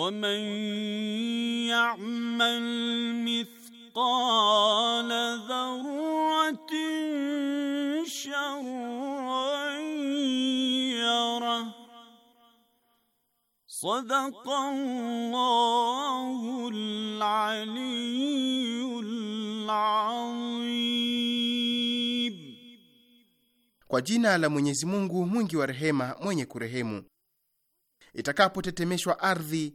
ومن يعمل مثقال ذرة شرا يره صدق الله العلي العظيم Kwa jina la Mwenyezi Mungu mwingi wa rehema mwenye kurehemu. Itakapotetemeshwa ardhi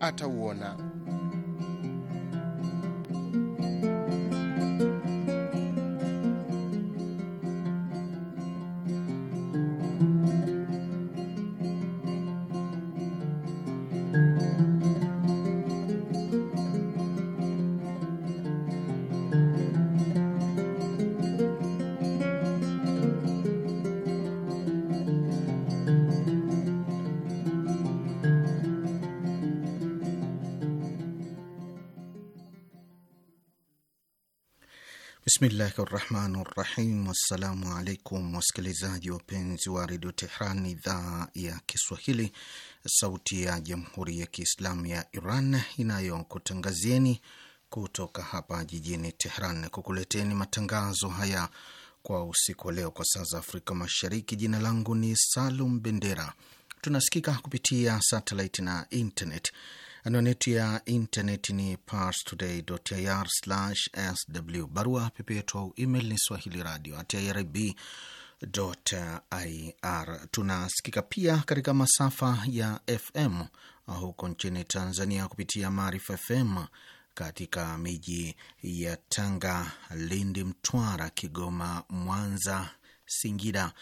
atauona. Bismillahi rahmani rahim. Wassalamu alaikum wasikilizaji wapenzi wa redio Tehran, idhaa ya Kiswahili, sauti ya jamhuri ya kiislamu ya Iran inayokutangazieni kutoka hapa jijini Tehran kukuleteni matangazo haya kwa usiku wa leo kwa saa za Afrika Mashariki. Jina langu ni Salum Bendera. Tunasikika kupitia satelit na internet. Anwani yetu ya intaneti ni parstoday.ir/sw. Barua pepe yetu au email ni swahili radio irib ir. Tunasikika pia katika masafa ya FM huko nchini Tanzania kupitia Maarifa FM katika miji ya Tanga, Lindi, Mtwara, Kigoma, Mwanza, Singida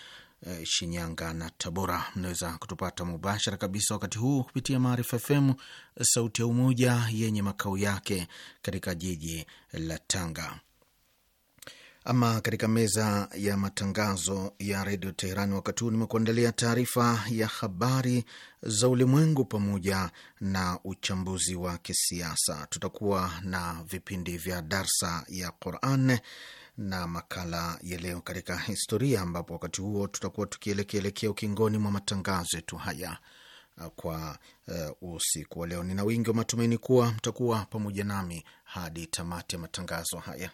Eh, Shinyanga na Tabora. Mnaweza kutupata mubashara kabisa wakati huu kupitia Maarifa FM sauti ya Umoja yenye makao yake katika jiji la Tanga. Ama katika meza ya matangazo ya redio Teherani, wakati huu nimekuandalia taarifa ya habari za ulimwengu pamoja na uchambuzi wa kisiasa. Tutakuwa na vipindi vya darsa ya Quran na makala ya leo katika historia, ambapo wakati huo tutakuwa tukielekeelekea ukingoni mwa matangazo yetu haya uh, kwa uh, usiku wa leo. Nina wingi wa matumaini kuwa mtakuwa pamoja nami hadi tamati ya matangazo haya.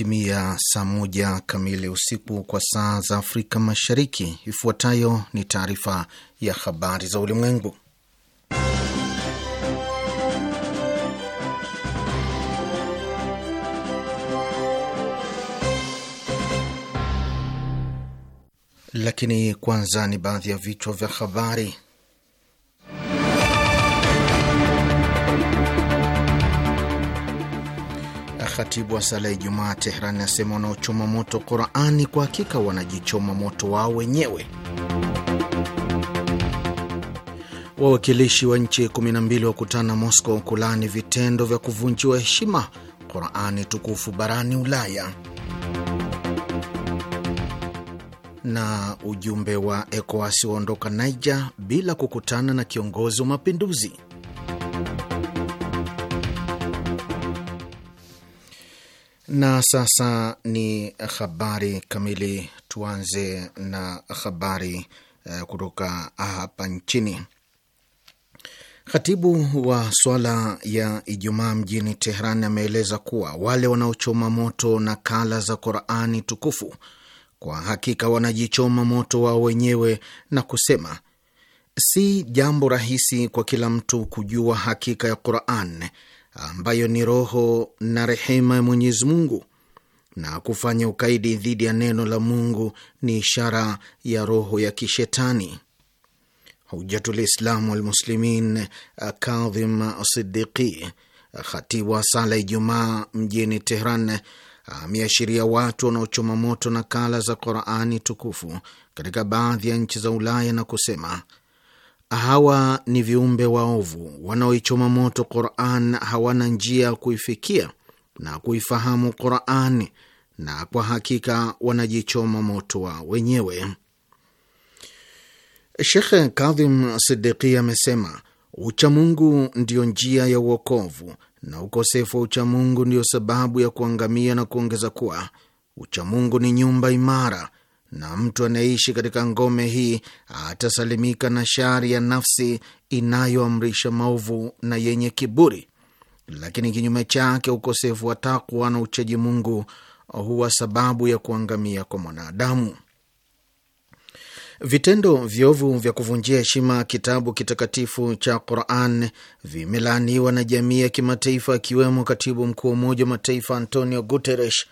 imetimia saa moja kamili usiku kwa saa za Afrika Mashariki. Ifuatayo ni taarifa ya habari za ulimwengu, lakini kwanza ni baadhi ya vichwa vya habari. Khatibu wa sala ya Ijumaa Tehrani asema wanaochoma moto Qurani kwa hakika wanajichoma moto wao wenyewe. Wawakilishi wa nchi 12 wakutana Moscow kulaani vitendo vya kuvunjiwa heshima Qurani tukufu barani Ulaya. Na ujumbe wa ECOWAS waondoka Niger bila kukutana na kiongozi wa mapinduzi. Na sasa ni habari kamili. Tuanze na habari eh, kutoka hapa nchini. Khatibu wa swala ya Ijumaa mjini Tehran ameeleza kuwa wale wanaochoma moto nakala za Qurani tukufu kwa hakika wanajichoma moto wao wenyewe, na kusema si jambo rahisi kwa kila mtu kujua hakika ya Quran ambayo ni roho na rehema ya Mwenyezi Mungu, na kufanya ukaidi dhidi ya neno la Mungu ni ishara ya roho ya kishetani. Hujatul Islam Walmuslimin Kadhim Sidiqi, khatibu wa sala Ijumaa mjini Tehran, ameashiria watu wanaochoma moto nakala za Qurani tukufu katika baadhi ya nchi za Ulaya na kusema Hawa ni viumbe waovu wanaoichoma moto Quran, hawana njia ya kuifikia na kuifahamu Quran, na kwa hakika wanajichoma moto wa wenyewe. Shekhe Kadhim sidiki amesema uchamungu ndiyo njia ya uokovu na ukosefu wa uchamungu ndiyo sababu ya kuangamia, na kuongeza kuwa uchamungu ni nyumba imara na mtu anayeishi katika ngome hii atasalimika na shari ya nafsi inayoamrisha maovu na yenye kiburi, lakini kinyume chake, ukosefu wa takwa na uchaji Mungu huwa sababu ya kuangamia kwa mwanadamu. Vitendo vyovu vya kuvunjia heshima kitabu kitakatifu cha Quran vimelaaniwa na jamii ya kimataifa, akiwemo katibu mkuu wa Umoja wa Mataifa Antonio Guterres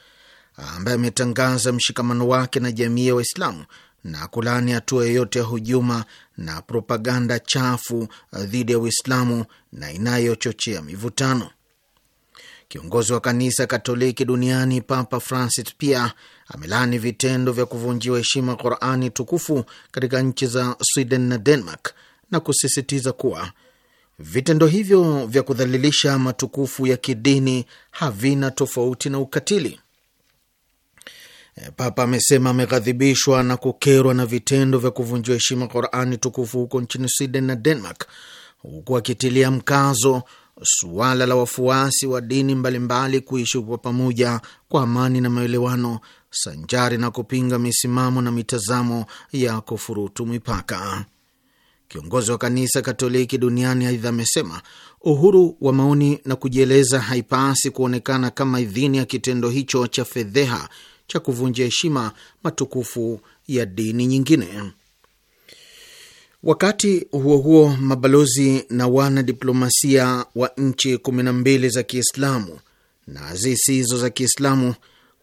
ambaye ametangaza mshikamano wake na jamii ya Waislamu na kulaani hatua yoyote ya hujuma na propaganda chafu uh, dhidi ya Uislamu na inayochochea mivutano. Kiongozi wa kanisa Katoliki duniani Papa Francis pia amelaani vitendo vya kuvunjiwa heshima Qurani tukufu katika nchi za Sweden na Denmark na kusisitiza kuwa vitendo hivyo vya kudhalilisha matukufu ya kidini havina tofauti na ukatili. Eh, Papa amesema ameghadhibishwa na kukerwa na vitendo vya kuvunjia heshima Qurani tukufu huko nchini Sweden na Denmark, huku akitilia mkazo suala la wafuasi wa dini mbalimbali kuishi kwa pamoja kwa amani na maelewano, sanjari na kupinga misimamo na mitazamo ya kufurutu mipaka. Kiongozi wa kanisa Katoliki duniani aidha amesema uhuru wa maoni na kujieleza haipasi kuonekana kama idhini ya kitendo hicho cha fedheha cha kuvunja heshima matukufu ya dini nyingine. Wakati huo huo, mabalozi na wanadiplomasia wa nchi kumi na mbili za Kiislamu na zisizo za Kiislamu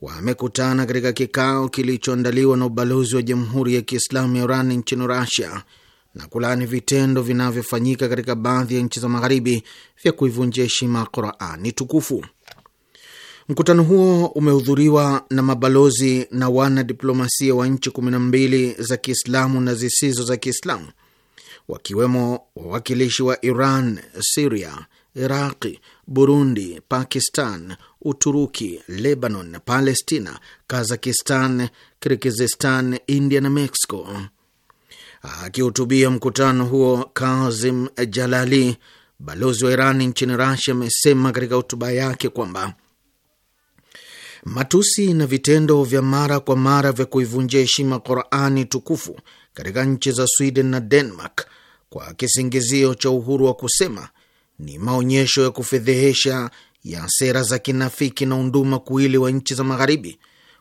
wamekutana katika kikao kilichoandaliwa na ubalozi wa Jamhuri ya Kiislamu ya Iran nchini rasia na kulaani vitendo vinavyofanyika katika baadhi ya nchi za Magharibi vya kuivunjia heshima Qurani tukufu. Mkutano huo umehudhuriwa na mabalozi na wanadiplomasia wa nchi kumi na mbili za Kiislamu na zisizo za Kiislamu, wakiwemo wawakilishi wa Iran, Siria, Iraqi, Burundi, Pakistan, Uturuki, Lebanon Palestina, Kazakistan, Kirgizistan, India na Mexico. Akihutubia mkutano huo, Kazim Jalali, balozi wa Iran nchini Rasia, amesema katika hotuba yake kwamba Matusi na vitendo vya mara kwa mara vya kuivunjia heshima Qurani tukufu katika nchi za Sweden na Denmark kwa kisingizio cha uhuru wa kusema ni maonyesho ya kufedhehesha ya sera za kinafiki na unduma kuili wa nchi za Magharibi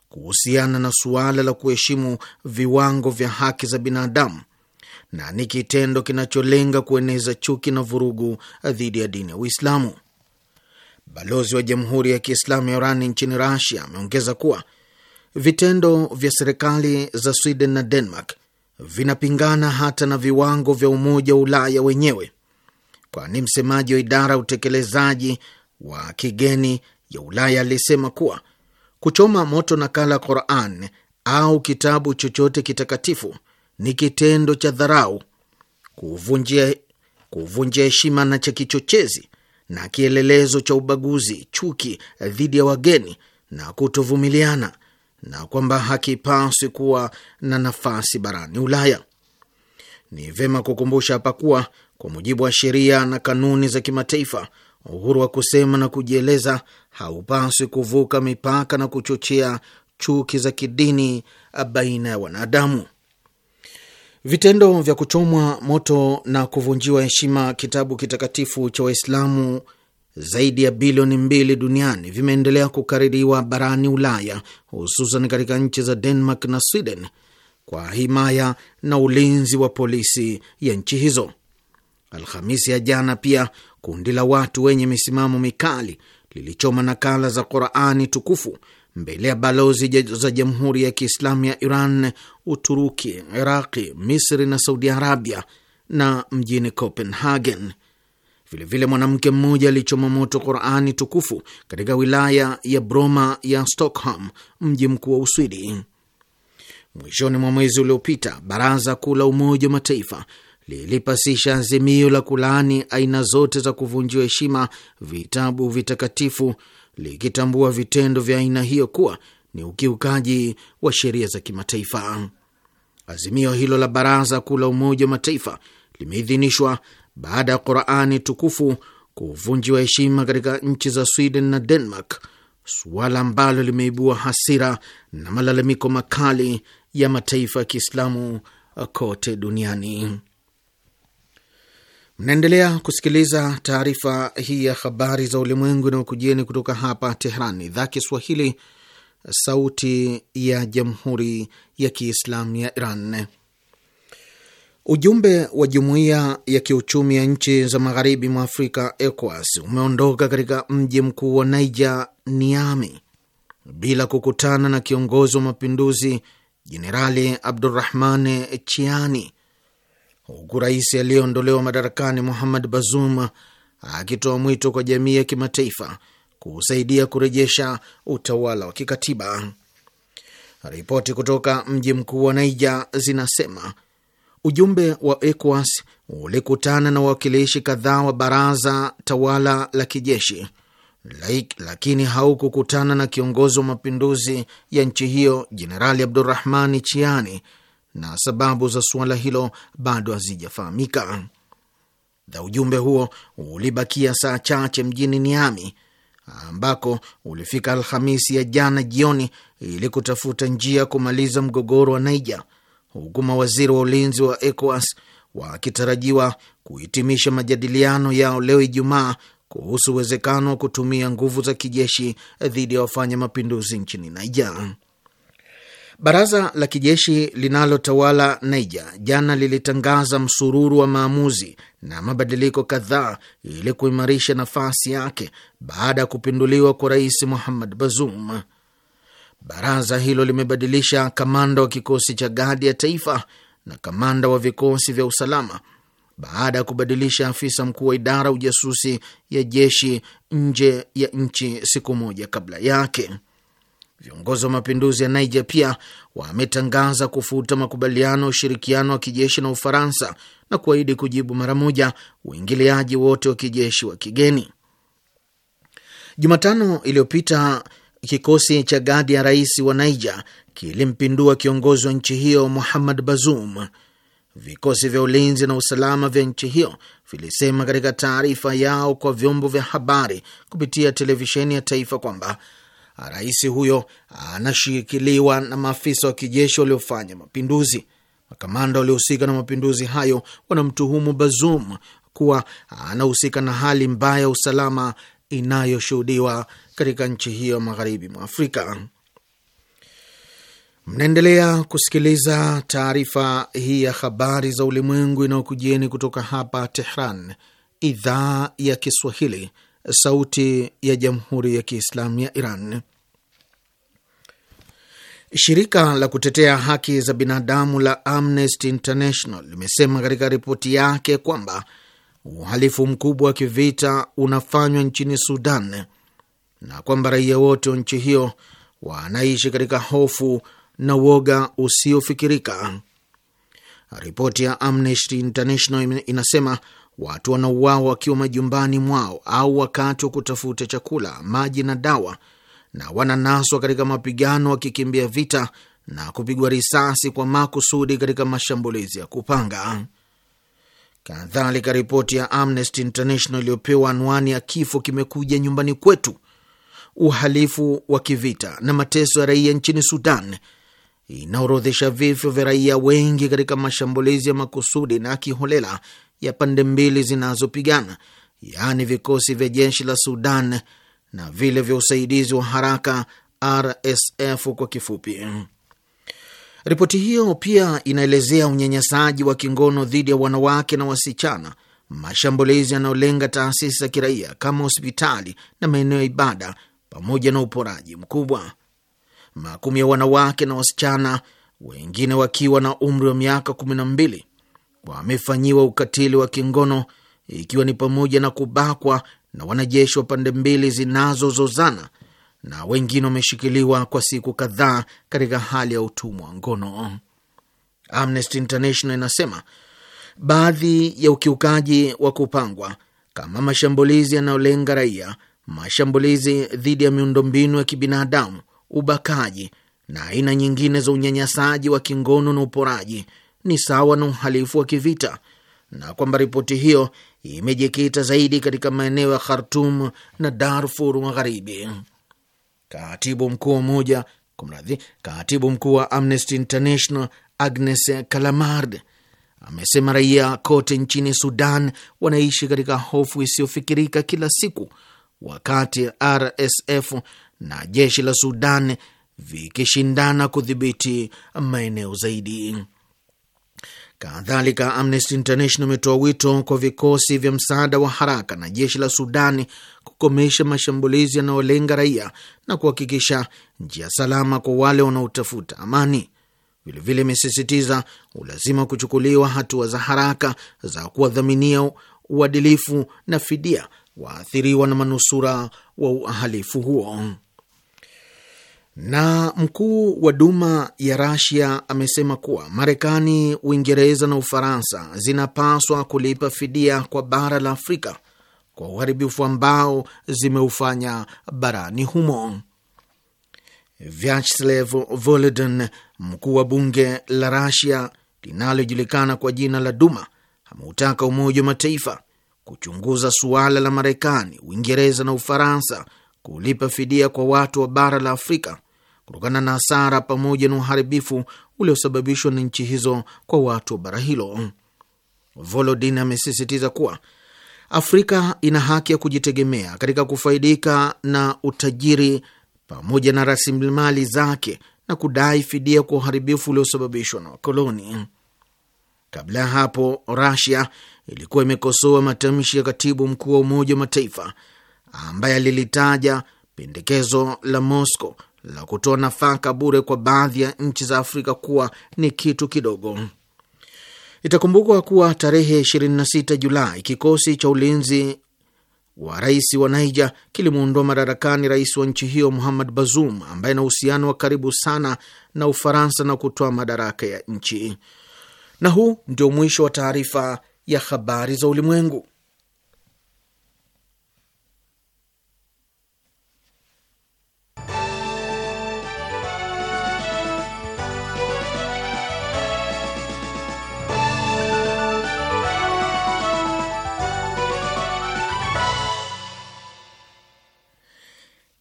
kuhusiana na suala la kuheshimu viwango vya haki za binadamu na ni kitendo kinacholenga kueneza chuki na vurugu dhidi ya dini ya Uislamu. Balozi wa Jamhuri ya Kiislamu ya Iran nchini Rasia ameongeza kuwa vitendo vya serikali za Sweden na Denmark vinapingana hata na viwango vya Umoja wa Ulaya wenyewe, kwani msemaji wa idara ya utekelezaji wa kigeni ya Ulaya alisema kuwa kuchoma moto nakala Quran au kitabu chochote kitakatifu ni kitendo cha dharau, kuvunjia heshima na cha kichochezi na kielelezo cha ubaguzi, chuki dhidi ya wageni na kutovumiliana, na kwamba hakipaswi kuwa na nafasi barani Ulaya. Ni vema kukumbusha hapa kuwa kwa mujibu wa sheria na kanuni za kimataifa, uhuru wa kusema na kujieleza haupaswi kuvuka mipaka na kuchochea chuki za kidini baina ya wanadamu. Vitendo vya kuchomwa moto na kuvunjiwa heshima kitabu kitakatifu cha Waislamu zaidi ya bilioni mbili duniani vimeendelea kukaririwa barani Ulaya, hususan katika nchi za Denmark na Sweden kwa himaya na ulinzi wa polisi ya nchi hizo. Alhamisi ya jana pia kundi la watu wenye misimamo mikali lilichoma nakala za Qurani tukufu mbele ya balozi za Jamhuri ya Kiislamu ya Iran, Uturuki, Iraqi, Misri na Saudi Arabia na mjini Copenhagen. Vilevile, mwanamke mmoja alichoma moto Qurani tukufu katika wilaya ya Broma ya Stockholm, mji mkuu wa Uswidi. Mwishoni mwa mwezi uliopita, baraza kuu la Umoja wa Mataifa lilipasisha azimio la kulaani aina zote za kuvunjiwa heshima vitabu vitakatifu, likitambua vitendo vya aina hiyo kuwa ni ukiukaji wa sheria za kimataifa. Azimio hilo la Baraza Kuu la Umoja wa Mataifa limeidhinishwa baada ya Qurani tukufu kuvunjiwa heshima katika nchi za Sweden na Denmark, suala ambalo limeibua hasira na malalamiko makali ya mataifa ya Kiislamu kote duniani. Mnaendelea kusikiliza taarifa hii ya habari za ulimwengu inayokujieni kutoka hapa Tehran, idhaa Kiswahili, sauti ya jamhuri ya kiislamu ya Iran. Ujumbe wa jumuiya ya kiuchumi ya nchi za magharibi mwa Afrika, ECOWAS, umeondoka katika mji mkuu wa Niger, Niamey, bila kukutana na kiongozi wa mapinduzi Jenerali Abdurrahman Chiani huku rais aliyeondolewa madarakani Muhammad Bazoum akitoa mwito kwa jamii ya kimataifa kusaidia kurejesha utawala wa kikatiba. Ripoti kutoka mji mkuu wa Niger zinasema ujumbe wa ECOWAS ulikutana na wawakilishi kadhaa wa baraza tawala la kijeshi like, lakini haukukutana na kiongozi wa mapinduzi ya nchi hiyo Jenerali Abdurrahmani Chiani na sababu za suala hilo bado hazijafahamika. Na ujumbe huo ulibakia saa chache mjini Niami ambako ulifika Alhamisi ya jana jioni ili kutafuta njia kumaliza mgogoro wa Naija, huku mawaziri wa ulinzi wa ECOWAS wakitarajiwa kuhitimisha majadiliano yao leo Ijumaa kuhusu uwezekano wa kutumia nguvu za kijeshi dhidi ya wafanya mapinduzi nchini Naija. Baraza la kijeshi linalotawala Niger jana lilitangaza msururu wa maamuzi na mabadiliko kadhaa ili kuimarisha nafasi yake baada ya kupinduliwa kwa Rais muhamad Bazoum. Baraza hilo limebadilisha kamanda wa kikosi cha gadi ya taifa na kamanda wa vikosi vya usalama baada ya kubadilisha afisa mkuu wa idara ujasusi ya jeshi nje ya nchi siku moja kabla yake. Viongozi wa mapinduzi ya Niger pia wametangaza kufuta makubaliano ya ushirikiano wa kijeshi na Ufaransa na kuahidi kujibu mara moja uingiliaji wote wa kijeshi wa kigeni. Jumatano iliyopita kikosi cha gadi ya rais wa Niger kilimpindua kiongozi wa nchi hiyo Muhammad Bazoum. Vikosi vya ulinzi na usalama vya nchi hiyo vilisema katika taarifa yao kwa vyombo vya habari kupitia televisheni ya taifa kwamba rais huyo anashikiliwa na maafisa wa kijeshi waliofanya mapinduzi. Makamanda waliohusika na mapinduzi hayo wanamtuhumu Bazoum kuwa anahusika na hali mbaya ya usalama inayoshuhudiwa katika nchi hiyo magharibi mwa Afrika. Mnaendelea kusikiliza taarifa hii ya habari za ulimwengu inayokujieni kutoka hapa Tehran, idhaa ya Kiswahili, Sauti ya Jamhuri ya Kiislamu ya Iran. Shirika la kutetea haki za binadamu la Amnesty International limesema katika ripoti yake kwamba uhalifu mkubwa wa kivita unafanywa nchini Sudan na kwamba raia wote wa nchi hiyo wanaishi katika hofu na uoga usiofikirika. Ripoti ya Amnesty International inasema watu wanauawa wakiwa majumbani mwao au wakati wa kutafuta chakula, maji na dawa, na wananaswa katika mapigano wakikimbia vita na kupigwa risasi kwa makusudi katika mashambulizi ya kupanga. Kadhalika, ripoti ya Amnesty International iliyopewa anwani ya kifo kimekuja nyumbani kwetu, uhalifu wa kivita na mateso ya raia nchini Sudan inaorodhesha vifo vya raia wengi katika mashambulizi ya makusudi na kiholela ya pande mbili zinazopigana, yaani vikosi vya jeshi la Sudan na vile vya usaidizi wa haraka RSF kwa kifupi. Ripoti hiyo pia inaelezea unyanyasaji wa kingono dhidi ya wanawake na wasichana, mashambulizi yanayolenga taasisi za kiraia kama hospitali na maeneo ya ibada, pamoja na uporaji mkubwa makumi ya wanawake na wasichana, wengine wakiwa na umri wa miaka kumi na mbili, wamefanyiwa ukatili wa kingono ikiwa ni pamoja na kubakwa na wanajeshi wa pande mbili zinazozozana na wengine wameshikiliwa kwa siku kadhaa katika hali ya utumwa wa ngono. Amnesty International inasema baadhi ya ukiukaji wa kupangwa kama mashambulizi yanayolenga raia, mashambulizi dhidi ya miundombinu ya kibinadamu, ubakaji na aina nyingine za unyanyasaji wa kingono na uporaji ni sawa na uhalifu wa kivita na kwamba ripoti hiyo imejikita zaidi katika maeneo ya Khartum na Darfur Magharibi. Katibu mkuu umoja kumradhi, katibu mkuu wa Amnesty International Agnes Kalamard amesema raia kote nchini Sudan wanaishi katika hofu isiyofikirika kila siku, wakati RSF na jeshi la Sudan vikishindana kudhibiti maeneo zaidi. Kadhalika, Amnesty International imetoa wito kwa vikosi vya msaada wa haraka na jeshi la Sudani kukomesha mashambulizi yanayolenga raia na kuhakikisha njia salama kwa wale wanaotafuta amani. Vilevile imesisitiza ulazima kuchukuliwa hatua za haraka za kuwadhaminia uadilifu na fidia waathiriwa na manusura wa uhalifu huo. Na mkuu wa Duma ya Rasia amesema kuwa Marekani, Uingereza na Ufaransa zinapaswa kulipa fidia kwa bara la Afrika kwa uharibifu ambao zimeufanya barani humo. Vyacheslav Volodin, mkuu wa bunge la Rasia linalojulikana kwa jina la Duma, ameutaka Umoja wa Mataifa kuchunguza suala la Marekani, Uingereza na Ufaransa kulipa fidia kwa watu wa bara la Afrika kutokana na hasara pamoja na uharibifu uliosababishwa na nchi hizo kwa watu wa bara hilo. Volodin amesisitiza kuwa Afrika ina haki ya kujitegemea katika kufaidika na utajiri pamoja na rasilimali zake na kudai fidia kwa uharibifu uliosababishwa na wakoloni. Kabla ya hapo, rasia ilikuwa imekosoa matamshi ya katibu mkuu wa Umoja wa Mataifa ambaye alilitaja pendekezo la Moscow la kutoa nafaka bure kwa baadhi ya nchi za Afrika kuwa ni kitu kidogo. Itakumbukwa kuwa tarehe 26 Julai kikosi cha ulinzi wa rais wa Naija kilimuondoa madarakani rais wa nchi hiyo Muhammad Bazoum ambaye ana uhusiano wa karibu sana na Ufaransa na kutoa madaraka ya nchi. Na huu ndio mwisho wa taarifa ya habari za ulimwengu.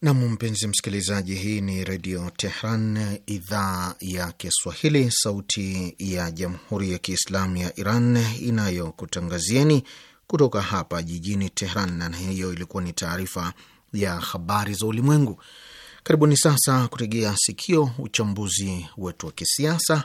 Nam, mpenzi msikilizaji, hii ni Redio Tehran, idhaa ya Kiswahili, sauti ya Jamhuri ya Kiislamu ya Iran inayokutangazieni kutoka hapa jijini Tehran, na hiyo ilikuwa ni taarifa ya habari za ulimwengu. Karibuni sasa kutegea sikio uchambuzi wetu wa kisiasa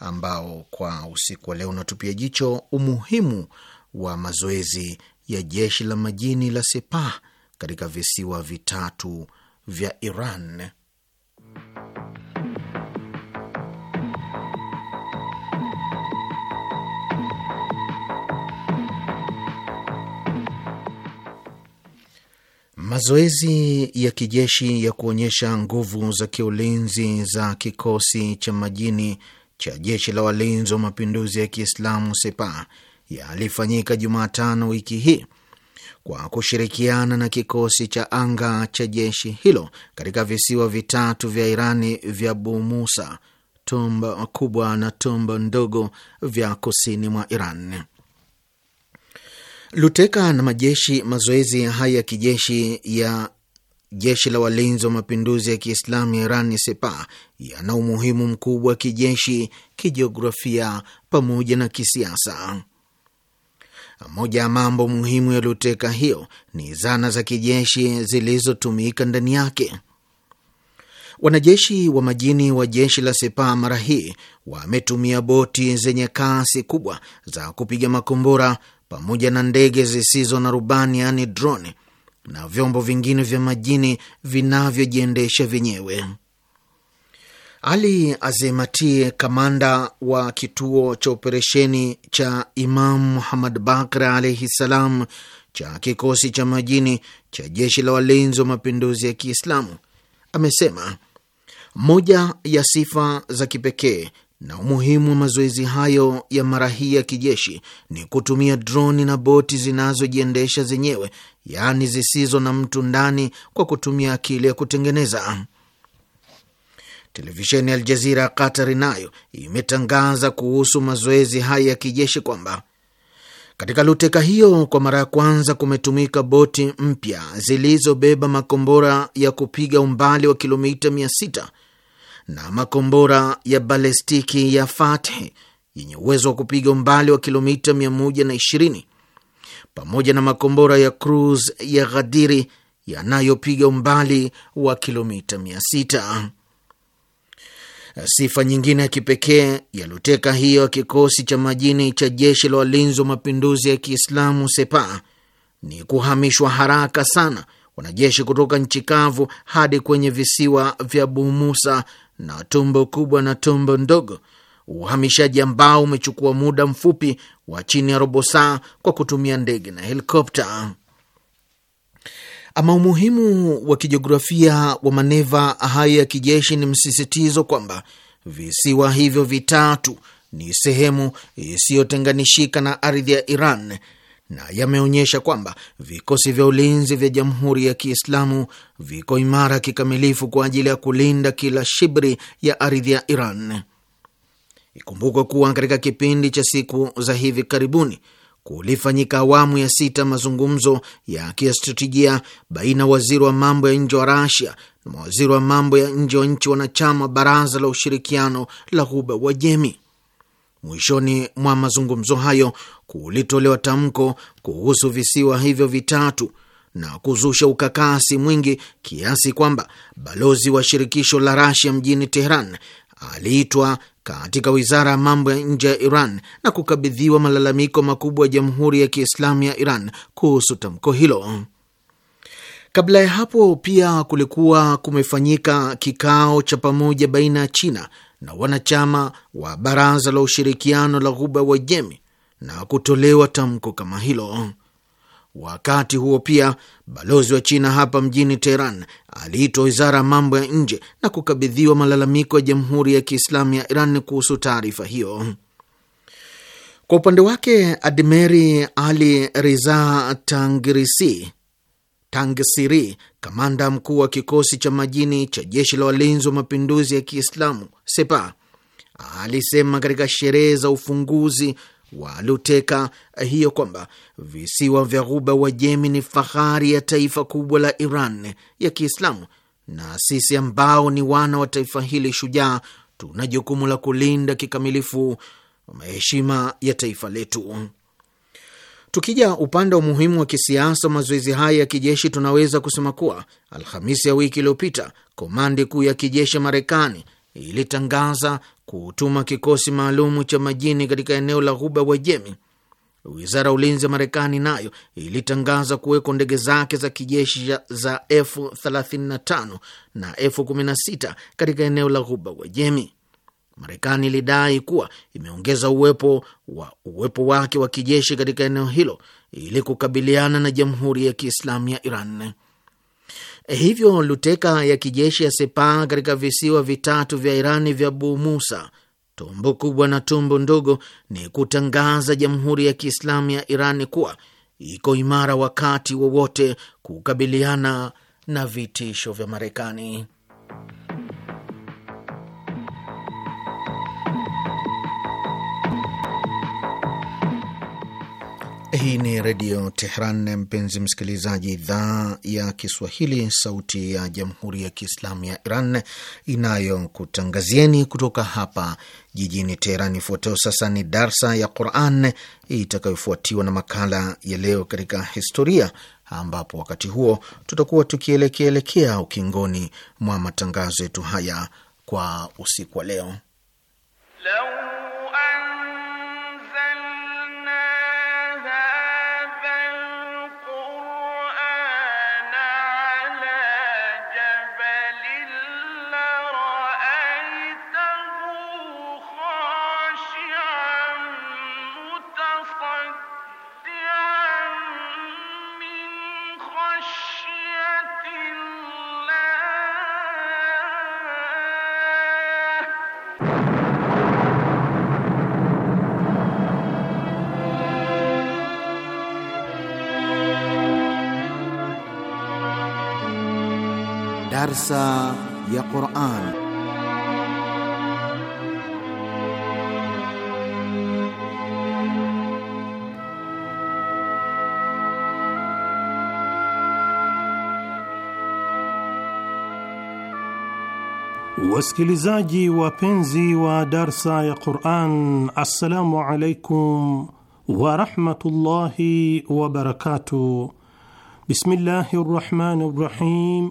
ambao kwa usiku wa leo unatupia jicho umuhimu wa mazoezi ya jeshi la majini la Sepah katika visiwa vitatu vya Iran. Mazoezi ya kijeshi ya kuonyesha nguvu za kiulinzi za kikosi cha majini cha jeshi la walinzi wa mapinduzi ya Kiislamu Sepah yalifanyika Jumatano wiki hii kwa kushirikiana na kikosi cha anga cha jeshi hilo katika visiwa vitatu vya Irani vya Bumusa, Tomba kubwa na Tomba ndogo vya kusini mwa Iran. Luteka na majeshi mazoezi haya ya kijeshi ya jeshi la walinzi wa mapinduzi ya Kiislamu ya Iran sepa yana umuhimu mkubwa wa kijeshi, kijiografia pamoja na kisiasa. Moja ya mambo muhimu yaliyoteka hiyo ni zana za kijeshi zilizotumika ndani yake. Wanajeshi wa majini wa jeshi la Sepa mara hii wametumia boti zenye kasi kubwa za kupiga makombora pamoja na ndege zisizo na rubani, yaani drone, na vyombo vingine vya majini vinavyojiendesha vyenyewe. Ali Azimatie, kamanda wa kituo cha operesheni cha imam Muhammad Bakr alaihi ssalam cha kikosi cha majini cha jeshi la walinzi wa mapinduzi ya Kiislamu amesema moja ya sifa za kipekee na umuhimu wa mazoezi hayo ya mara hii ya kijeshi ni kutumia droni na boti zinazojiendesha zenyewe, yaani zisizo na mtu ndani, kwa kutumia akili ya kutengeneza. Televisheni ya Aljazira ya Qatari nayo imetangaza kuhusu mazoezi haya ya kijeshi kwamba katika luteka hiyo kwa mara ya kwanza kumetumika boti mpya zilizobeba makombora ya kupiga umbali wa kilomita 600 na makombora ya balestiki ya Fathi yenye uwezo wa kupiga umbali wa kilomita 120 pamoja na makombora ya Cruz ya Ghadiri yanayopiga umbali wa kilomita 600. Sifa nyingine ya kipekee ya luteka hiyo ya kikosi cha majini cha jeshi la walinzi wa mapinduzi ya Kiislamu sepa ni kuhamishwa haraka sana wanajeshi kutoka nchi kavu hadi kwenye visiwa vya Bumusa na Tumbo Kubwa na Tumbo Ndogo, uhamishaji ambao umechukua muda mfupi wa chini ya robo saa kwa kutumia ndege na helikopta. Ama umuhimu wa kijiografia wa maneva haya ya kijeshi ni msisitizo kwamba visiwa hivyo vitatu ni sehemu isiyotenganishika na ardhi ya Iran na yameonyesha kwamba vikosi vya ulinzi vya Jamhuri ya Kiislamu viko imara kikamilifu kwa ajili ya kulinda kila shibri ya ardhi ya Iran. Ikumbukwe kuwa katika kipindi cha siku za hivi karibuni kulifanyika awamu ya sita mazungumzo ya kistratejia baina waziri wa mambo ya nje wa Rasia na mawaziri wa mambo ya nje wa nchi wanachama wa Baraza la Ushirikiano la Ghuba wajemi Mwishoni mwa mazungumzo hayo kulitolewa tamko kuhusu visiwa hivyo vitatu na kuzusha ukakasi mwingi kiasi kwamba balozi wa shirikisho la Rasia mjini Tehran aliitwa katika wizara ya mambo ya nje ya Iran na kukabidhiwa malalamiko makubwa ya Jamhuri ya Kiislamu ya Iran kuhusu tamko hilo. Kabla ya hapo pia kulikuwa kumefanyika kikao cha pamoja baina ya China na wanachama wa Baraza la Ushirikiano la Ghuba wa jemi na kutolewa tamko kama hilo. Wakati huo pia balozi wa China hapa mjini Teheran aliitwa wizara ya mambo ya nje na kukabidhiwa malalamiko ya jamhuri ya Kiislamu ya Iran kuhusu taarifa hiyo. Kwa upande wake, Admeri Ali Riza Tangirisi Tangsiri, kamanda mkuu wa kikosi cha majini cha jeshi la walinzi wa mapinduzi ya Kiislamu Sepa, alisema katika sherehe za ufunguzi walioteka hiyo kwamba visiwa vya Ghuba Wajemi ni fahari ya taifa kubwa la Iran ya Kiislamu, na sisi ambao ni wana wa taifa hili shujaa tuna jukumu la kulinda kikamilifu heshima ya taifa letu. Tukija upande wa umuhimu wa kisiasa mazoezi haya ya kijeshi, tunaweza kusema kuwa Alhamisi ya wiki iliyopita, komandi kuu ya kijeshi ya Marekani ilitangaza kutuma kikosi maalum cha majini katika eneo la ghuba Wajemi. Wizara ya ulinzi ya Marekani nayo ilitangaza kuwekwa ndege zake za kijeshi za F35 na F16 katika eneo la ghuba Wajemi. Marekani ilidai kuwa imeongeza uwepo wa uwepo wake wa kijeshi katika eneo hilo ili kukabiliana na Jamhuri ya Kiislamu ya Iran. Hivyo luteka ya kijeshi ya Sepa katika visiwa vitatu vya Irani vya Bu Musa, Tumbo Kubwa na Tumbo Ndogo ni kutangaza Jamhuri ya Kiislamu ya Irani kuwa iko imara wakati wowote kukabiliana na vitisho vya Marekani. Hii ni Redio Tehran, mpenzi msikilizaji. Idhaa ya Kiswahili, sauti ya Jamhuri ya Kiislamu ya Iran inayokutangazieni kutoka hapa jijini Teheran. Ifuatayo sasa ni darsa ya Quran itakayofuatiwa na makala ya leo katika historia, ambapo wakati huo tutakuwa tukielekeelekea ukingoni mwa matangazo yetu haya kwa usiku wa leo درسا يا قرآن Wasikilizaji wapenzi wa darsa ya Quran, assalamu alaikum wa rahmatullahi wa wabarakatuh. Bismillahi rahmani rahim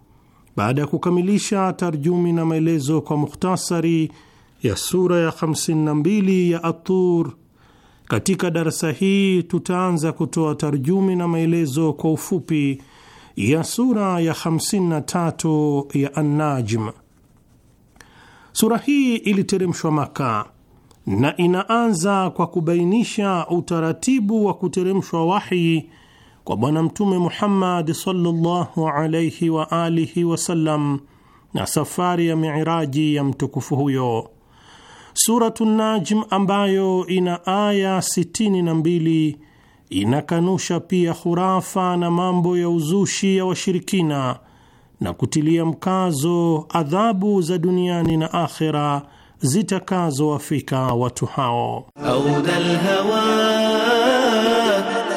baada ya kukamilisha tarjumi na maelezo kwa mukhtasari ya sura ya 52 ya Atur, katika darasa hii tutaanza kutoa tarjumi na maelezo kwa ufupi ya sura ya 53 ya An-Najm. Sura hii iliteremshwa Maka na inaanza kwa kubainisha utaratibu wa kuteremshwa wahi kwa Bwana Mtume Muhammad sallallahu alayhi wa alihi wasallam na safari ya miiraji ya mtukufu huyo. Suratu Najm ambayo ina aya 62 inakanusha pia khurafa na mambo ya uzushi ya washirikina na kutilia mkazo adhabu za duniani na akhera zitakazowafika watu hao.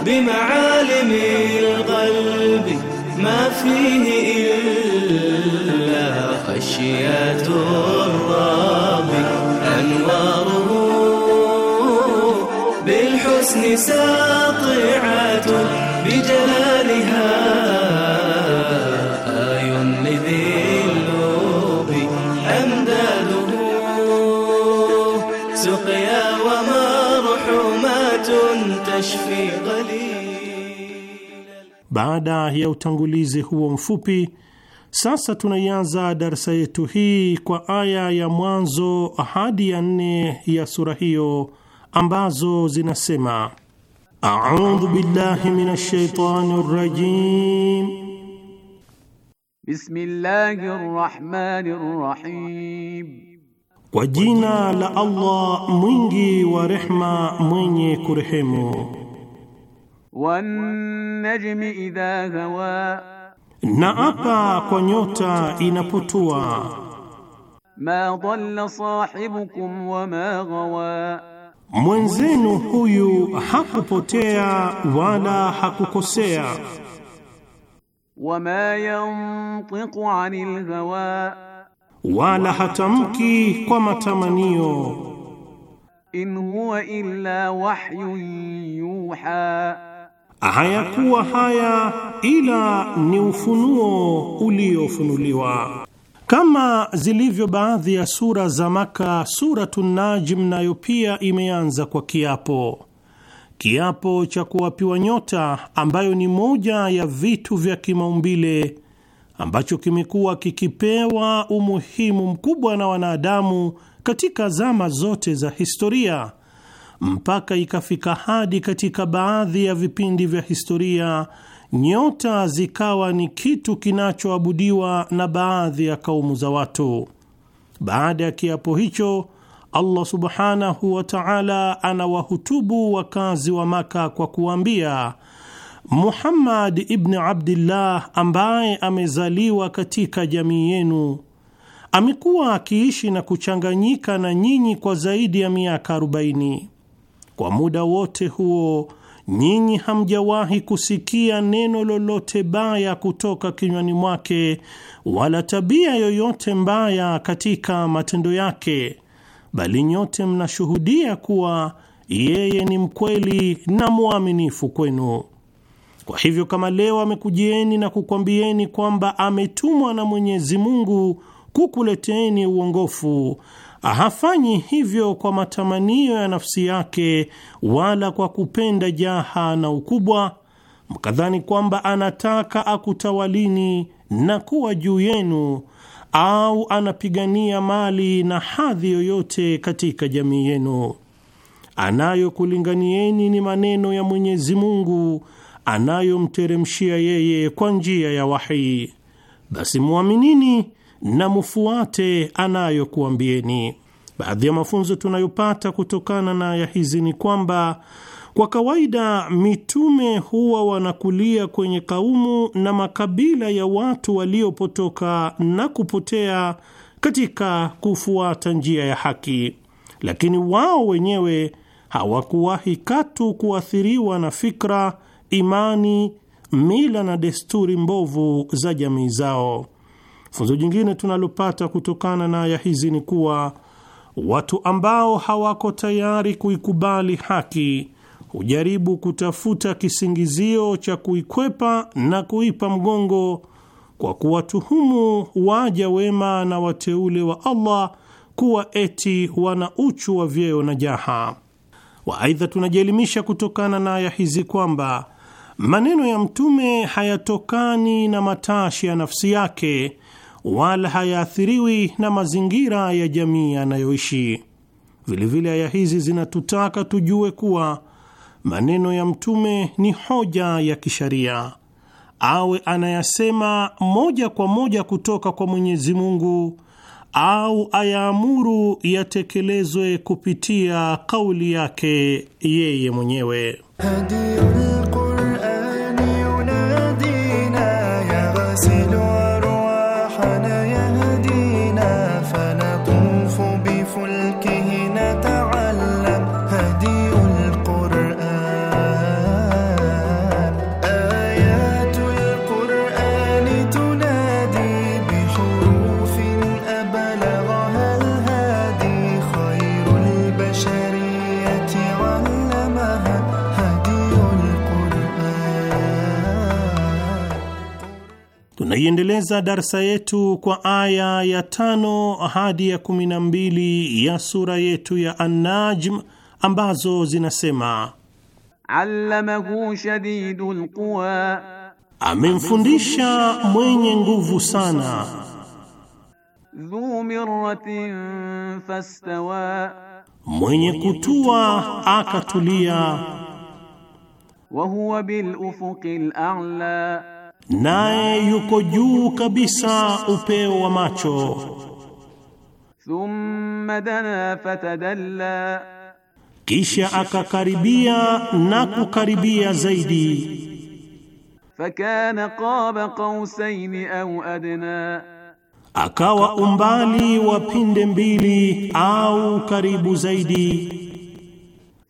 بمعالم القلب ما فيه إلا خشيات الرب أنواره بالحسن ساطعة بجلال Baada ya utangulizi huo mfupi, sasa tunaianza darsa yetu hii kwa aya ya mwanzo hadi ya nne ya sura hiyo ambazo zinasema: audhu billahi min shaitani rajim, rahim, kwa jina la Allah mwingi wa rehma mwenye kurehemu. Wan-najmi idha hawa, na apa kwa nyota inapotua. Ma dhalla sahibukum wa ma ghawa, mwenzenu huyu hakupotea wala hakukosea. Wa ma yantiqu anil hawa, wala hatamki kwa matamanio. In huwa illa wahyun yuha hayakuwa haya ila ni ufunuo uliofunuliwa. Kama zilivyo baadhi ya sura za Maka, sura Najm nayo pia imeanza kwa kiapo, kiapo cha kuwapiwa nyota, ambayo ni moja ya vitu vya kimaumbile ambacho kimekuwa kikipewa umuhimu mkubwa na wanadamu katika zama zote za historia mpaka ikafika hadi katika baadhi ya vipindi vya historia nyota zikawa ni kitu kinachoabudiwa na baadhi ya kaumu za watu. Baada ya kiapo hicho, Allah subhanahu wa ta'ala anawahutubu wakazi wa Maka kwa kuwaambia Muhammad ibn Abdillah ambaye amezaliwa katika jamii yenu amekuwa akiishi na kuchanganyika na nyinyi kwa zaidi ya miaka 40. Kwa muda wote huo nyinyi hamjawahi kusikia neno lolote baya kutoka kinywani mwake wala tabia yoyote mbaya katika matendo yake, bali nyote mnashuhudia kuwa yeye ni mkweli na mwaminifu kwenu. Kwa hivyo kama leo amekujieni na kukwambieni kwamba ametumwa na Mwenyezi Mungu kukuleteeni uongofu hafanyi hivyo kwa matamanio ya nafsi yake wala kwa kupenda jaha na ukubwa, mkadhani kwamba anataka akutawalini na kuwa juu yenu, au anapigania mali na hadhi yoyote katika jamii yenu. Anayokulinganieni ni maneno ya Mwenyezi Mungu anayomteremshia yeye kwa njia ya wahii. Basi mwaminini na mufuate anayokuambieni. Baadhi ya mafunzo tunayopata kutokana na aya hizi ni kwamba kwa kawaida mitume huwa wanakulia kwenye kaumu na makabila ya watu waliopotoka na kupotea katika kufuata njia ya haki, lakini wao wenyewe hawakuwahi katu kuathiriwa na fikra, imani, mila na desturi mbovu za jamii zao. Funzo jingine tunalopata kutokana na aya hizi ni kuwa watu ambao hawako tayari kuikubali haki hujaribu kutafuta kisingizio cha kuikwepa na kuipa mgongo kwa kuwatuhumu waja wema na wateule wa Allah kuwa eti wana uchu wa vyeo na jaha. Waaidha, tunajielimisha kutokana na aya hizi kwamba maneno ya Mtume hayatokani na matashi ya nafsi yake, wala hayaathiriwi na mazingira ya jamii yanayoishi. Vilevile aya hizi zinatutaka tujue kuwa maneno ya Mtume ni hoja ya kisharia, awe anayasema moja kwa moja kutoka kwa Mwenyezi Mungu au ayaamuru yatekelezwe kupitia kauli yake yeye mwenyewe. Tunaiendeleza darsa yetu kwa aya ya tano hadi ya kumi na mbili ya sura yetu ya An-Najm ambazo zinasema: allamahu shadidul quwa, amemfundisha mwenye nguvu sana. Dhu mirratin fastawa, mwenye kutua akatulia. Wa huwa bil ufuqil a'la naye yuko juu kabisa upeo wa macho. Thumma dana fatadalla, kisha akakaribia na kukaribia zaidi. Fakana qaba qausaini au adna, akawa umbali wa pinde mbili au karibu zaidi.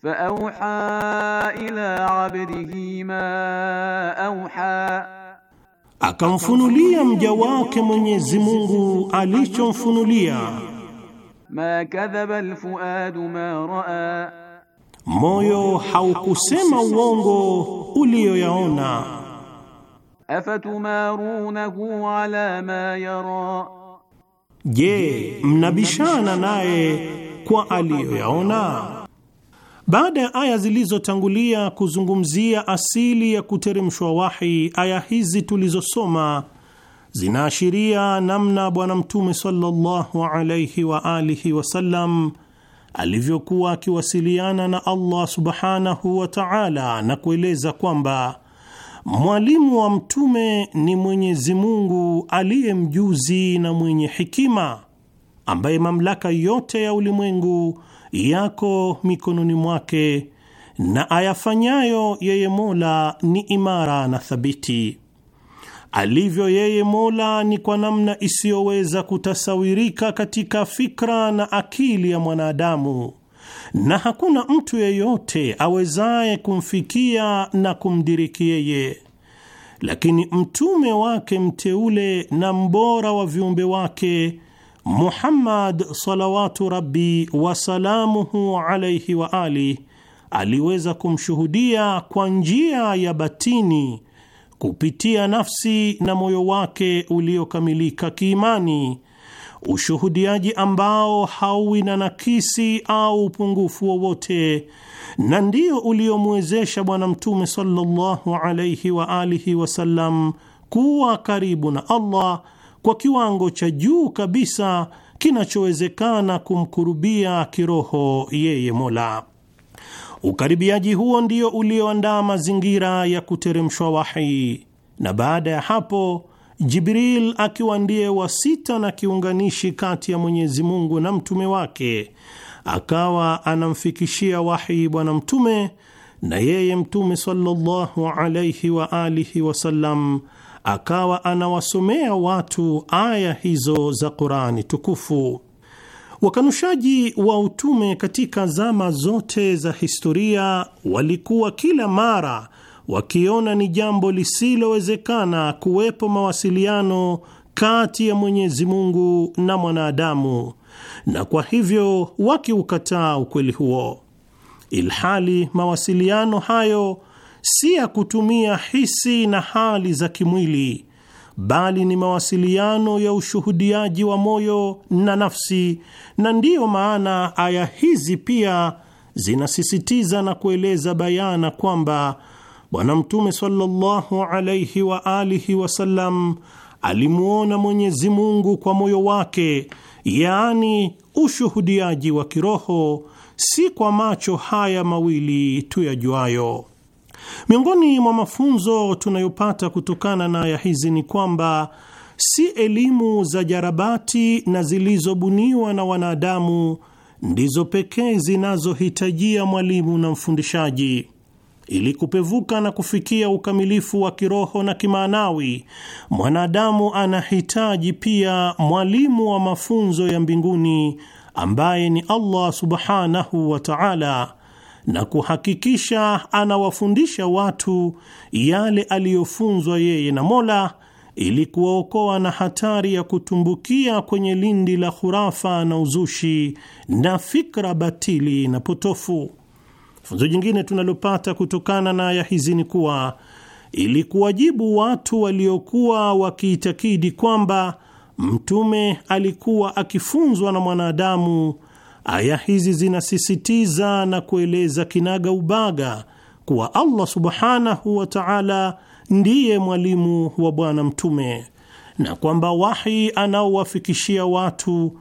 Faauha ila abdihi ma auha akamfunulia mja wake Mwenyezi Mungu alichomfunulia. Ma kadhaba alfuad ma raa, moyo haukusema uongo uliyoyaona Afatumarunahu ala ma yara, je, mnabishana naye kwa aliyoyaona? Baada ya aya zilizotangulia kuzungumzia asili ya kuteremshwa wahi, aya hizi tulizosoma zinaashiria namna Bwana Mtume sallallahu alaihi wa alihi wasallam alivyokuwa akiwasiliana na Allah subhanahu wa taala na kueleza kwamba mwalimu wa mtume ni Mwenyezi Mungu aliye mjuzi na mwenye hikima ambaye mamlaka yote ya ulimwengu yako mikononi mwake, na ayafanyayo yeye Mola ni imara na thabiti. Alivyo yeye Mola ni kwa namna isiyoweza kutasawirika katika fikra na akili ya mwanadamu, na hakuna mtu yeyote awezaye kumfikia na kumdiriki yeye. Lakini mtume wake mteule na mbora wa viumbe wake Muhammad salawatu rabbi wasalamuhu alaihi wa ali aliweza kumshuhudia kwa njia ya batini kupitia nafsi na moyo wake uliokamilika kiimani, ushuhudiaji ambao hauwi na nakisi au upungufu wowote, na ndio uliomwezesha Bwana Mtume sallallahu alaihi wa alihi wasallam kuwa karibu na Allah kwa kiwango cha juu kabisa kinachowezekana kumkurubia kiroho yeye Mola. Ukaribiaji huo ndio ulioandaa mazingira ya kuteremshwa wahi, na baada ya hapo Jibril akiwa ndiye wa sita na kiunganishi kati ya Mwenyezi Mungu na mtume wake, akawa anamfikishia wahi Bwana Mtume, na yeye Mtume sallallahu alaihi wa alihi wasallam akawa anawasomea watu aya hizo za Qurani tukufu. Wakanushaji wa utume katika zama zote za historia walikuwa kila mara wakiona ni jambo lisilowezekana kuwepo mawasiliano kati ya Mwenyezi Mungu na mwanadamu, na kwa hivyo wakiukataa ukweli huo, ilhali mawasiliano hayo si ya kutumia hisi na hali za kimwili, bali ni mawasiliano ya ushuhudiaji wa moyo na nafsi, na ndiyo maana aya hizi pia zinasisitiza na kueleza bayana kwamba Bwana Mtume sallallahu alaihi wa alihi wasallam alimwona Mwenyezi Mungu kwa moyo wake, yaani ushuhudiaji wa kiroho, si kwa macho haya mawili tuyajuayo. Miongoni mwa mafunzo tunayopata kutokana na aya hizi ni kwamba si elimu za jarabati na zilizobuniwa na wanadamu ndizo pekee zinazohitajia mwalimu na mfundishaji ili kupevuka na kufikia ukamilifu wa kiroho na kimaanawi. Mwanadamu anahitaji pia mwalimu wa mafunzo ya mbinguni ambaye ni Allah subhanahu wa ta'ala na kuhakikisha anawafundisha watu yale aliyofunzwa yeye na Mola ili kuwaokoa na hatari ya kutumbukia kwenye lindi la khurafa na uzushi na fikra batili na potofu. Funzo jingine tunalopata kutokana na aya hizi ni kuwa ili kuwajibu watu waliokuwa wakiitakidi kwamba mtume alikuwa akifunzwa na mwanadamu Aya hizi zinasisitiza na kueleza kinaga ubaga kuwa Allah subhanahu wa ta'ala ndiye mwalimu wa Bwana Mtume na kwamba wahi anaowafikishia watu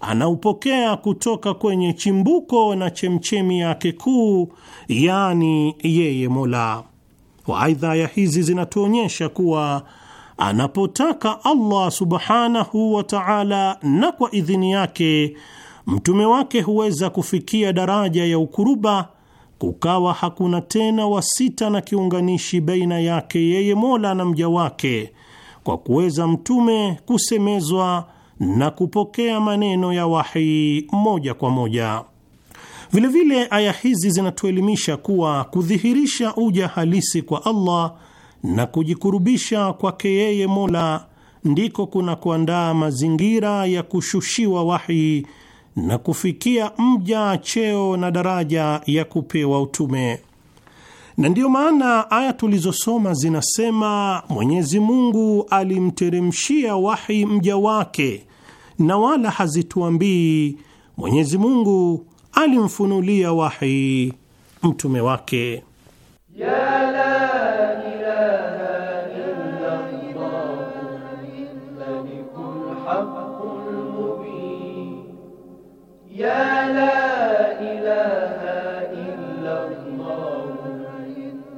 anaupokea kutoka kwenye chimbuko na chemchemi yake kuu, yani yeye Mola waaidha aya hizi zinatuonyesha kuwa anapotaka Allah subhanahu wa ta'ala na kwa idhini yake mtume wake huweza kufikia daraja ya ukuruba, kukawa hakuna tena wasita na kiunganishi baina yake yeye Mola na mja wake, kwa kuweza mtume kusemezwa na kupokea maneno ya wahi moja kwa moja. Vilevile aya hizi zinatuelimisha kuwa kudhihirisha uja halisi kwa Allah na kujikurubisha kwake yeye Mola ndiko kuna kuandaa mazingira ya kushushiwa wahi na kufikia mja cheo na daraja ya kupewa utume. Na ndiyo maana aya tulizosoma zinasema Mwenyezi Mungu alimteremshia wahi mja wake, na wala hazituambii Mwenyezi Mungu alimfunulia wahi mtume wake Yala. يا لا إله إلا الله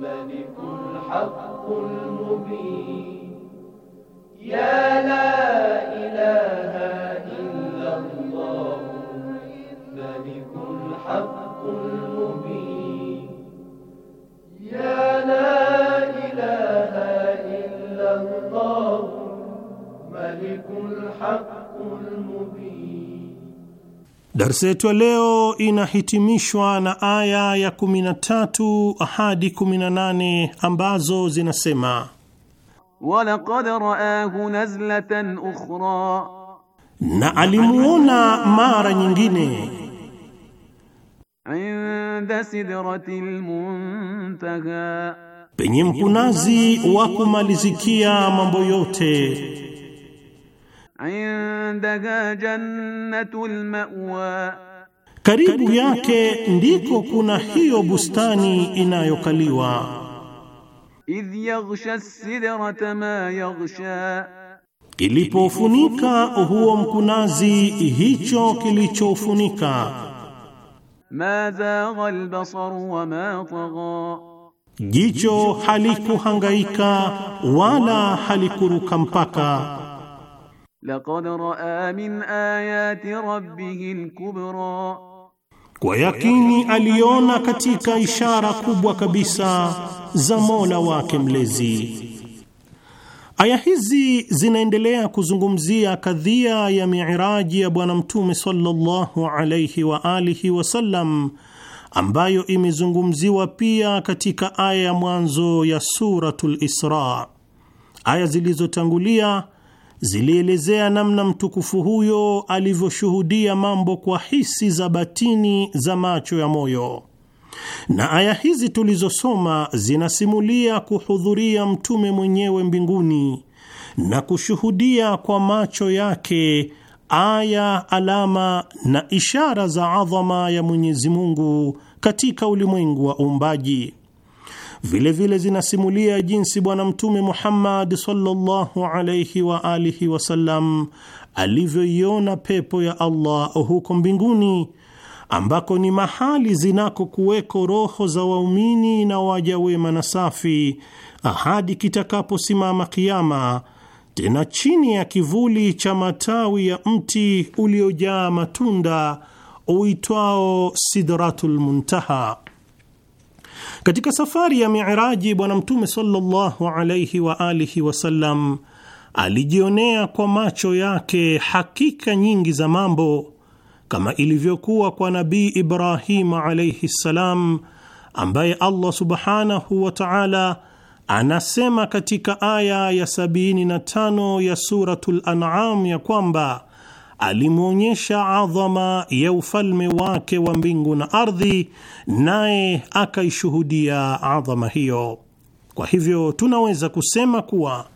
الحق المبين يا لا إله إلا الله ملك الحق المبين Darsa yetu ya leo inahitimishwa na aya ya 13 hadi 18 ambazo zinasema walaqad raahu nazlatan ukhra, na alimuona mara nyingine inda sidratil muntaha, penye mkunazi wa kumalizikia mambo yote indaha jannatul mawa, karibu yake ndiko kuna hiyo bustani inayokaliwa. Idh yaghsha sidrata ma yaghsha, ilipofunika huo mkunazi hicho kilichofunika. Ma zagha albasar wa ma tagha Jicho halikuhangaika wala halikuruka mpaka. Laqad raa min ayati rabbihi al-kubra, kwa yakini aliona katika ishara kubwa kabisa za Mola wake mlezi. Aya hizi zinaendelea kuzungumzia kadhia ya miiraji ya Bwana Mtume sallallahu alayhi wa alihi wasallam ambayo imezungumziwa pia katika aya ya mwanzo ya Suratul Isra. Aya zilizotangulia zilielezea namna mtukufu huyo alivyoshuhudia mambo kwa hisi za batini za macho ya moyo, na aya hizi tulizosoma zinasimulia kuhudhuria mtume mwenyewe mbinguni na kushuhudia kwa macho yake aya, alama na ishara za adhama ya Mwenyezi Mungu katika ulimwengu wa uumbaji. Vilevile vile zinasimulia jinsi Bwana Mtume Muhammad sallallahu alayhi wa alihi wasallam alivyoiona pepo ya Allah huko mbinguni ambako ni mahali zinakokuweko roho za waumini na waja wema na safi hadi kitakaposimama kiama, tena chini ya kivuli cha matawi ya mti uliojaa matunda uitwao Sidratul Muntaha. Katika safari ya Miraji, Bwana Mtume sallallahu alaihi wa alihi wasallam alijionea kwa macho yake hakika nyingi za mambo, kama ilivyokuwa kwa Nabii Ibrahima alaihi ssalam, ambaye Allah subhanahu wa taala anasema katika aya ya 75 ya Suratul An'am ya kwamba alimwonyesha adhama ya ufalme wake wa mbingu na ardhi, naye akaishuhudia adhama hiyo. Kwa hivyo tunaweza kusema kuwa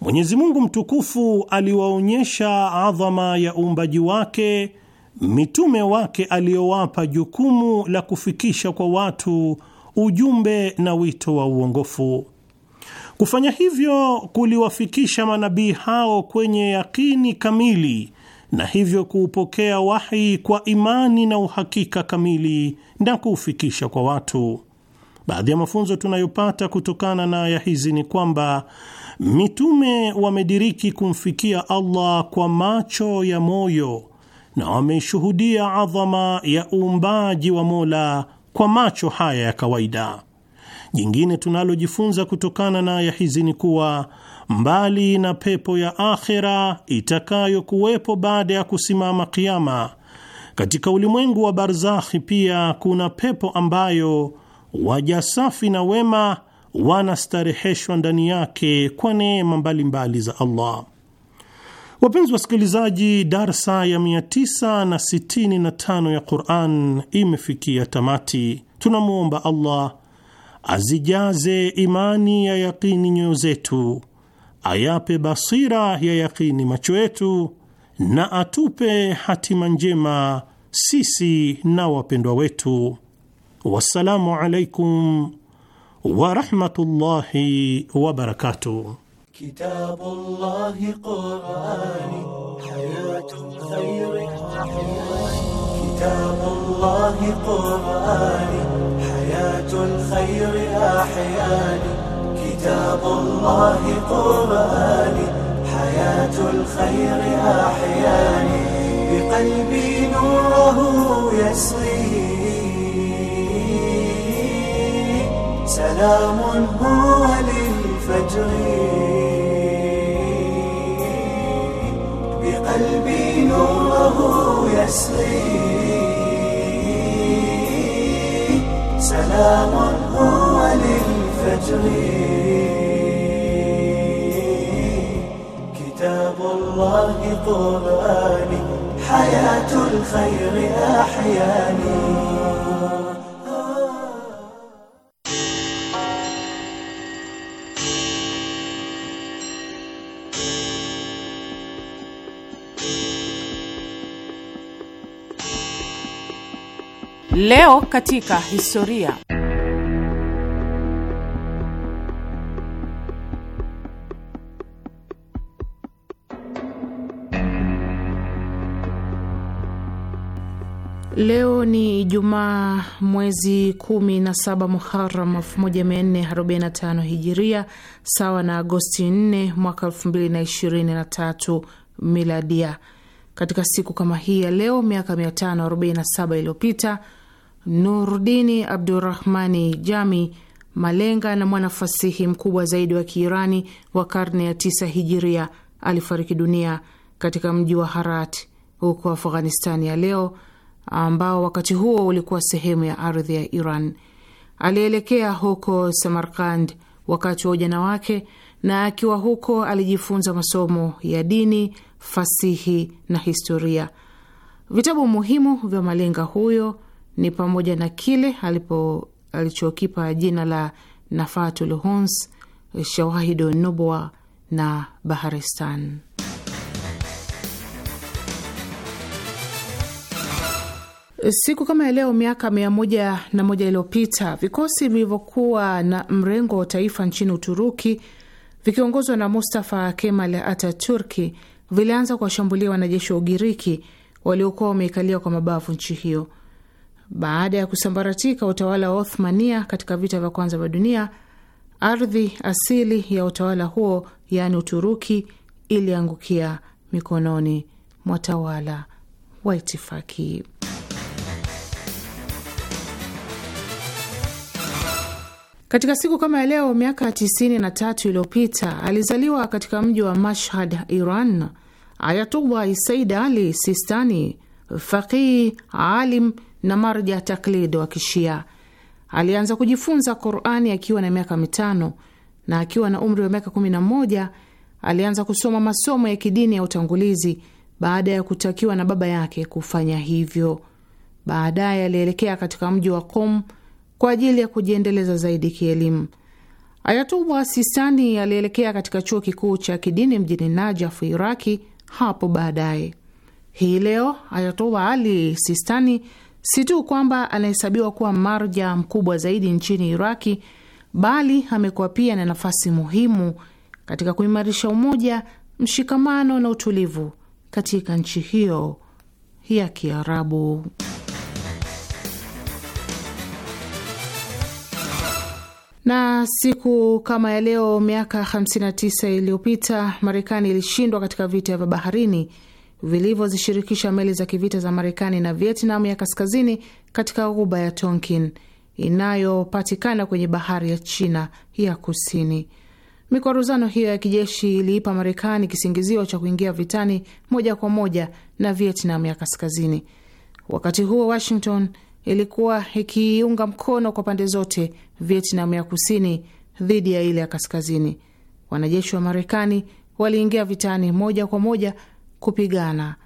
Mwenyezi Mungu mtukufu aliwaonyesha adhama ya uumbaji wake mitume wake aliyowapa jukumu la kufikisha kwa watu ujumbe na wito wa uongofu. Kufanya hivyo kuliwafikisha manabii hao kwenye yakini kamili na hivyo kuupokea wahi kwa imani na uhakika kamili na kuufikisha kwa watu. Baadhi ya mafunzo tunayopata kutokana na aya hizi ni kwamba mitume wamediriki kumfikia Allah kwa macho ya moyo na wameshuhudia adhama ya uumbaji wa Mola kwa macho haya ya kawaida. Jingine tunalojifunza kutokana na aya hizi ni kuwa mbali na pepo ya akhera itakayokuwepo baada ya kusimama kiama. Katika ulimwengu wa barzakhi pia kuna pepo ambayo waja safi na wema wanastareheshwa ndani yake kwa neema mbalimbali za Allah. Wapenzi wasikilizaji, darsa ya 965 ya Quran imefikia tamati. Tunamwomba Allah azijaze imani ya yaqini nyoyo zetu ayape basira ya yakini macho yetu na atupe hatima njema sisi na wapendwa wetu. Wassalamu alaikum warahmatullahi wabarakatuh. كتاب الله قرآني حياة خير كتاب الله قرآني حياة خير أحياني كتاب الله قرآني حياة الخير أحياني بقلبي نوره يسري سلام هو للفجر بقلبي نوره يسري سلام هو للفجر الفجر كتاب الله قرآني حياة الخير أحياني Leo katika historia. Leo ni Ijumaa, mwezi 17 Muharam 1445 Hijiria, sawa na Agosti 4 mwaka 2023 Miladia. Katika siku kama hii ya leo miaka 547 iliyopita, Nurdini Abdurahmani Jami, malenga na mwanafasihi mkubwa zaidi wa Kiirani wa karne ya 9 Hijiria, alifariki dunia katika mji wa Harat huko Afghanistani ya leo ambao wakati huo ulikuwa sehemu ya ardhi ya Iran. Alielekea huko Samarkand wakati wa ujana wake, na akiwa huko alijifunza masomo ya dini, fasihi na historia. Vitabu muhimu vya malenga huyo ni pamoja na kile alipo alichokipa jina la Nafatul Huns, Shawahidu Nubwa na Baharistan. Siku kama ya leo miaka mia moja na moja iliyopita vikosi vilivyokuwa na mrengo wa taifa nchini Uturuki vikiongozwa na Mustafa Kemal Ataturki vilianza kuwashambulia wanajeshi wa Ugiriki waliokuwa wameikalia kwa mabavu nchi hiyo. Baada ya kusambaratika utawala wa Othmania katika vita vya kwanza vya dunia, ardhi asili ya utawala huo, yaani Uturuki, iliangukia mikononi mwa tawala wa itifaki Katika siku kama ya leo miaka 93 iliyopita alizaliwa katika mji wa Mashhad, Iran, Ayatullah Said Ali Sistani, faqih alim na marja taklid wa Kishia. Alianza kujifunza Qurani akiwa na miaka mitano na akiwa na umri wa miaka 11 alianza kusoma masomo ya kidini ya utangulizi baada ya kutakiwa na baba yake kufanya hivyo. Baadaye alielekea katika mji wa Qom kwa ajili ya kujiendeleza zaidi kielimu. Ayatullah Sistani alielekea katika chuo kikuu cha kidini mjini Najafu, Iraki hapo baadaye. Hii leo Ayatullah Ali Sistani si tu kwamba anahesabiwa kuwa marja mkubwa zaidi nchini Iraki, bali amekuwa pia na nafasi muhimu katika kuimarisha umoja, mshikamano na utulivu katika nchi hiyo ya Kiarabu. Na siku kama ya leo miaka 59 iliyopita Marekani ilishindwa katika vita vya baharini vilivyozishirikisha meli za kivita za Marekani na Vietnam ya kaskazini katika ghuba ya Tonkin inayopatikana kwenye bahari ya China ya kusini. Mikwaruzano hiyo ya kijeshi iliipa Marekani kisingizio cha kuingia vitani moja kwa moja na Vietnam ya kaskazini. Wakati huo Washington ilikuwa ikiiunga mkono kwa pande zote Vietnam ya kusini dhidi ya ile ya kaskazini. Wanajeshi wa Marekani waliingia vitani moja kwa moja kupigana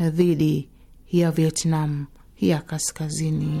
dhidi ya Vietnam ya kaskazini.